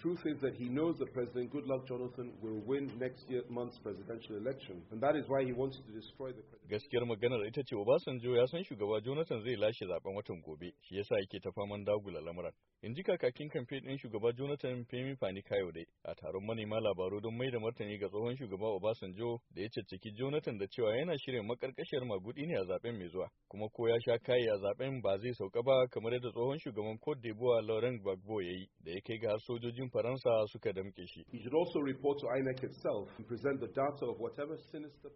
truth is that he knows that President Goodluck Jonathan will win next year, month's presidential election, and that is why he wants to destroy the. Gaskiyar maganar ita ce Obasanjo ya san shugaba Jonathan zai lashe zaben watan gobe, shi yasa yake ta faman dagula lamuran. In ji kakakin kamfe ɗin shugaba Jonathan Femi Fani Kayode a taron manema labaru don mai da martani ga tsohon shugaba Obasanjo da ya ciki Jonathan da cewa yana shirin makarkashiyar magudi ne a zaben mai zuwa, kuma ko ya sha kai a zaben ba zai sauka ba kamar yadda tsohon shugaban Cote d'Ivoire Laurent Gbagbo ya yi, da ya kai ga har sojojin sojojin Faransa suka damke shi.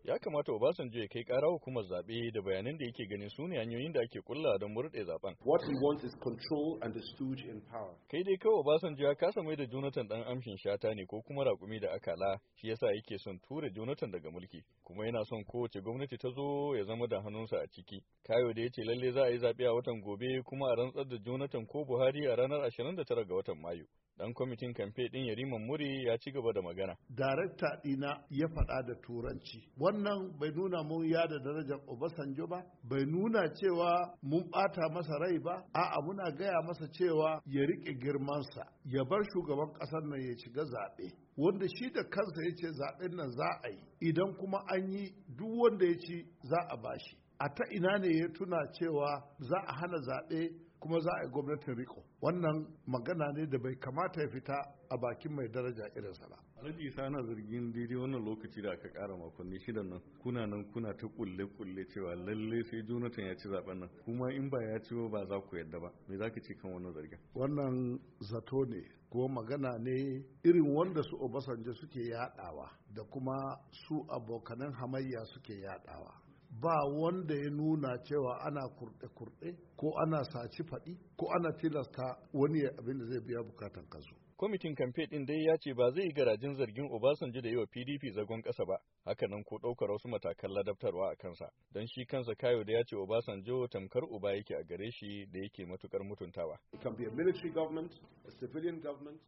Ya kamata Obasanjo ya kai ƙara hukumar zaɓe da bayanan da yake ganin su hanyoyin da ake kulla don murɗe zaɓen. What he wants is control and the stooge in power. Kai dai kawai Obasanjo ya kasa mai da Jonathan dan amshin shata ne ko kuma raƙumi da akala shi yasa yake son tura Jonathan daga mulki kuma yana son kowace gwamnati ta zo ya zama da hannunsa a ciki. Kayo da ya ce lalle za a yi zaɓe a watan gobe kuma a rantsar da Jonathan ko Buhari a ranar 29 ga watan Mayu. Dan kwamitin kwamitin kamfe din Yariman Muri ya ci gaba da magana. Darakta ɗina ya faɗa da turanci. Wannan bai nuna mun ya da darajar Obasanjo ba, bai nuna cewa mun ɓata masa rai ba, a'a muna gaya masa cewa ya riƙe girmansa, ya bar shugaban ƙasar nan ya shiga zaɓe. Wanda shi da kansa ya ce zaɓen nan za a yi, idan kuma an yi duk wanda ya ci za a bashi. A ta ina ne ya tuna cewa za a hana zaɓe kuma za a yi gwamnatin riko wannan magana ne da bai kamata ya fita a bakin mai daraja irin sa ba alhaji isa na zargin daidai wannan lokaci da aka kara makonni shidan nan kuna nan kuna ta kulle kulle cewa lalle sai jonathan ya ci zaben nan kuma in ba ya ci ba za ku yadda ba me za ka ce kan wannan zargin wannan zato ne kuma magana ne irin wanda su obasanjo suke yadawa da kuma su abokanan hamayya suke yadawa ba wanda ya nuna cewa ana kurɗe-kurɗe ko ana saci faɗi ko ana tilasta wani abin da zai biya bukatan kansu Kwamitin kamfe ɗin dai ya ce ba zai yi garajin zargin Obasanjo da yi wa PDP zagon ƙasa ba, hakanan ko ɗaukar wasu matakan ladabtarwa a kansa. Don shi kansa kayo da ya ce Obasanjo tamkar uba yake a gare shi da yake matukar mutuntawa.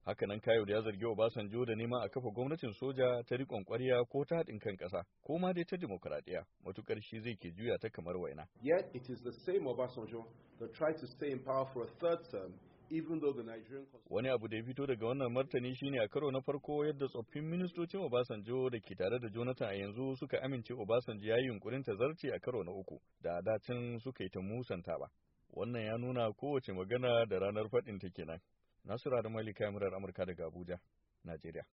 Hakanan kayo da ya zargi Obasanjo da nema a kafa gwamnatin soja ta riƙon ƙwarya ko ta haɗin kan ƙasa, ko ma dai ta dimokuraɗiyya, matukar shi zai ke juya ta kamar waina. Yet it is the same Obasanjo that tried to stay in power for a third term Wani abu da ya fito daga wannan martani shine a karo na farko yadda tsoffin ministocin Obasanjo da ke tare da Jonathan a yanzu suka amince Obasanjo ya yi yunkurin zarce a karo na uku da dacin suka yi ta musanta ba. Wannan ya nuna kowace magana da ranar faɗin ta kenan. Nasiru Adamali Kamilar Amurka daga Abuja, Najeriya.